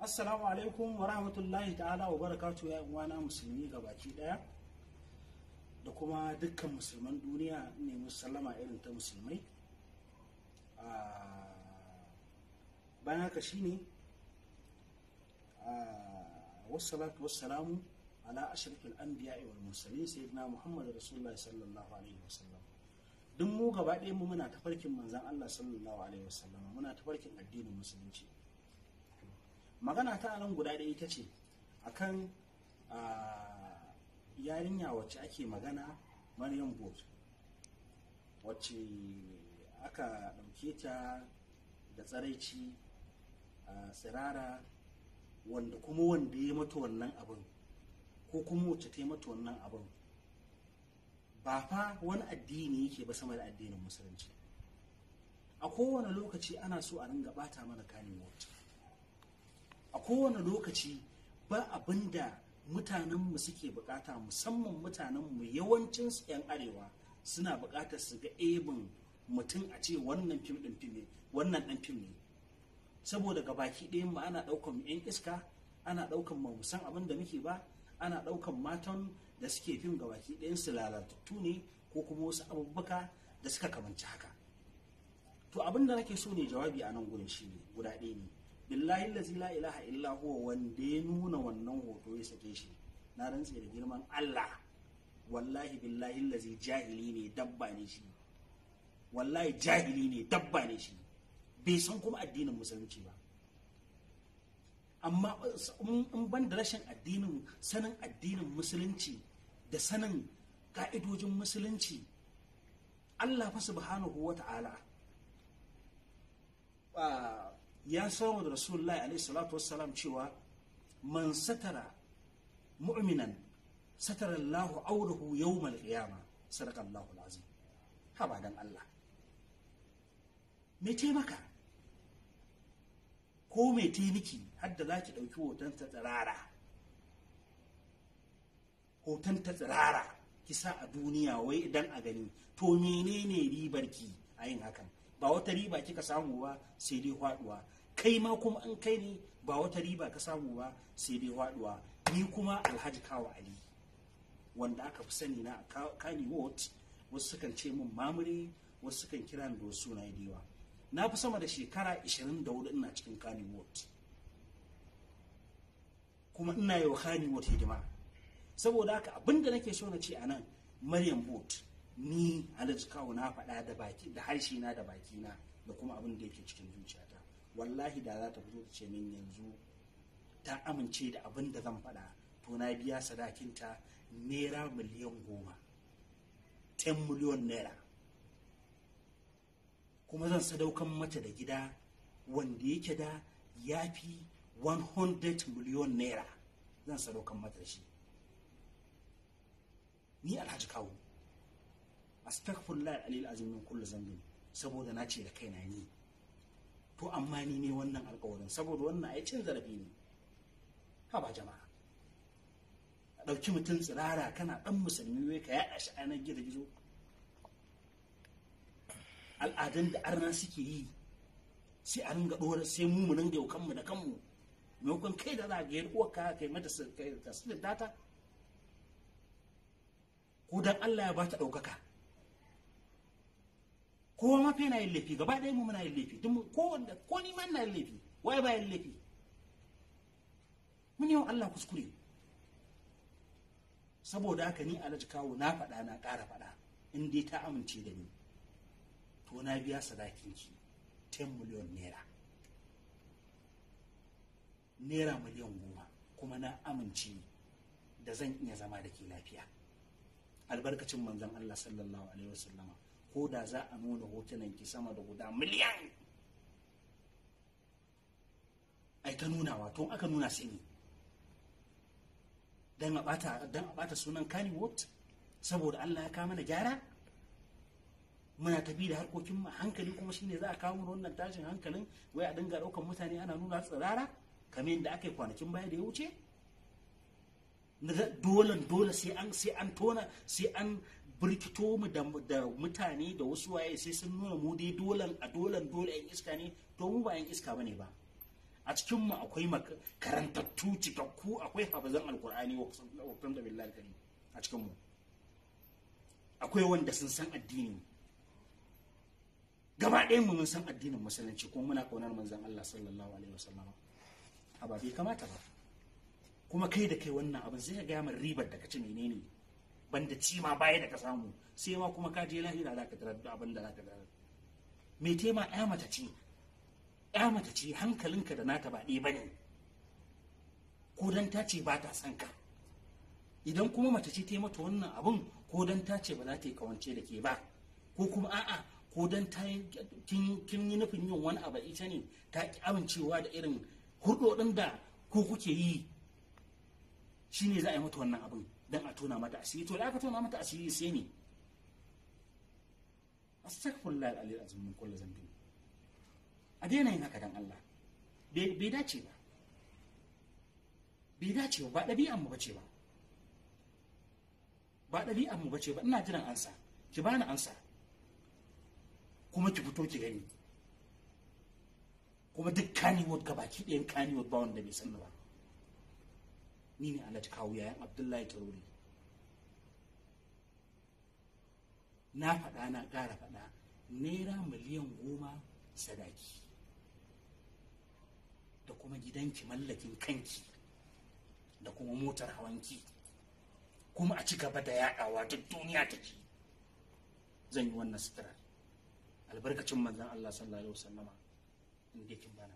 assalamu alaikum wa rahmatullahi ta'ala wa barakatu ya uwana musulmi baki daya da kuma dukkan musulman duniya ne musallama irin ta musulmai ah, bayan haka ne, ah, wasu wassalamu ala biya anbiya wal sai sayyidina muhammad rasulullah sallallahu alaihi wasallam duk mu gaba ɗaya mu muna tafarkin manzon Allah sallallahu alaihi wasallam muna tafarkin addinin musulunci magana ta nan guda ɗaya ita ce a kan yarinya wacce ake magana maryam bot wacce aka ɗauke ta da tsaraici tsirara wanda kuma wanda ya mata wannan abin ko kuma wacce ta yi mata wannan abin ba fa wani addini yake ba sama da addinin musulunci a kowane lokaci ana so a ringa bata mana kanin wacce a kowane lokaci ba abin da mutanenmu suke bukata musamman mutanenmu yawancin yan arewa suna bukatar su ga ebin mutum a ce wannan fim ɗin fim ne wannan ɗan fim ne saboda ga baki ɗayan ma ana daukan yan iska ana ɗaukan mu musan abin da muke ba ana ɗaukan matan da suke fim ga baki ɗayan su lalatattu ne ko kuma wasu abubuwa da suka kamanci haka to abin da nake so ne jawabi a nan gurin shi ne guda ɗaya ne billahi lazi la ilaha illa huwa wanda ya nuna wannan hoto ya sake shi na rantse da girman Allah wallahi billahi lazi jahili ne dabba ne shi wallahi jahili ne dabba ne shi bai san kuma addinin musulunci ba amma in ban da rashin addinin sanin addinin musulunci da sanin ka'idojin musulunci Allah fa subhanahu wa ta'ala ah, ya samu da rasulullahi alaihi salatu wassalam cewa man satara mu'minan satara Allahu aurahu yawmal qiyama sadaqa Allahu alazim haba dan Allah me taimaka ko me taimaki hadda zaki dauki hoton ta tsirara hoton ta tsirara kisa a duniya wai idan a gani to menene ribarki a yin hakan ba wata riba kika samu ba sai dai faduwa kai ma kuma an kai ni ba wata riba ka samu ba sai dai faduwa ni kuma alhaji kawo ali wanda aka fi sani na kani wot wasu sukan ce min mamuri wasu sukan kira ni da wasu suna yawa na fi sama da shekara 24 ina cikin kani wot kuma ina yau kani wot hidima saboda haka abinda nake so na ce a nan maryam bot ni alhaji kawo na faɗa da baki da harshe na da baki na da kuma abin da yake cikin zuciyata wallahi da za ta fito ta ce min yanzu ta amince da abin da zan faɗa to na biya sadakinta naira miliyan goma 10 miliyon naira kuma zan sadaukan mata da gida wanda yake da ya fi 100 miliyon naira zan sadaukan mata da shi ni alhaji kawo astaghfirullah alil azim min kullu zambin saboda na ce da kaina ni to amma ni ne wannan alƙawarin saboda wannan ai cin zarafi ne ha ba jama'a a ɗauki mutum tsirara kana ɗan musulmi wai ka yaɗa shi a yanar gizo gizo al'adun da arna suke yi sai a ringa ɗora sai mu mu ringa kanmu da kanmu maimakon kai da za ka yi uwarka ka yi mata ka data ko dan Allah ya ba ta ɗaukaka kowa mafi na yana yin laifi gaba ɗaya mu muna yin laifi ko wanda ko ni ma ina yin laifi waye ba yin laifi mun yau Allah kuskure saboda haka ni alhaji kawo na faɗa na ƙara faɗa in dai ta amince da ni to na biya sadakin ki 10 miliyon naira naira miliyan goma kuma na amince da zan iya zama da ke lafiya albarkacin manzon Allah sallallahu alaihi wasallama ko da za a nuna hotunan ki sama da guda miliyan ai ta nuna wa to aka nuna sai ne dan a bata dan a bata sunan Kani wot saboda Allah ya kama na gyara muna tafi da harkokin mu hankali kuma shine za a kawo mu wannan tashin hankalin wai a dinga daukar mutane ana nuna tsirara kamar yadda aka yi kwanakin baya da ya wuce dole dole sai an sai an tona sai an birkito mu da mutane da wasu waye sai sun nuna mu dai dolan a dolan dole yan iska ne to mu ba yan iska bane ba a cikin mu akwai karantattu cikakku akwai hafizan alkur'ani wa kan da billahi kari a cikin mu akwai wanda sun san addini gaba ɗayan mu mun san addinin musulunci kuma muna kaunar manzon Allah sallallahu alaihi wasallam Haba ba bai kamata ba kuma kai da kai wannan abin zai ga mun ribar da kace menene ne banda ci ma baya da ka samu sai ma kuma ka je lahira za ka tarar da abin da za ka tarar me ma ya mata ce ya mata ce hankalinka da nata ba ɗaya bane ko dan ta ce ba ta son ka idan kuma mata ce ta yi mata wannan abun ko dan ta ce ba za ta yi kawance da ke ba ko kuma a'a ko dan ta kin yi nufin yin wani abu ita ne ta ki amincewa da irin hurɗoɗin da ko kuke yi shine za a yi mata wannan abin dan a tona mata asiri to da aka tona mata asiri sai ne astaghfirullah alil azim min kulli zambi a daina yin haka dan Allah bai dace ba bai dace ba ɗabi'an mu bace ba ba ɗabi'an mu bace ba ina jiran ansa ki bani ansa kuma ki fito ki gani kuma duk kaniwood gabaki ɗayan kaniwood ba wanda bai sanni ba ni ne alhaji kawu yayan abdullahi tsauri na faɗa na ƙara faɗa naira miliyan goma sadaki da kuma gidanki mallakin kanki da kuma motar hawanki kuma a ci gaba da yaɗawa duk duniya ta ke. zan yi wannan sutura albarkacin manzan allah sallallahu alaihi wasallama in kin bana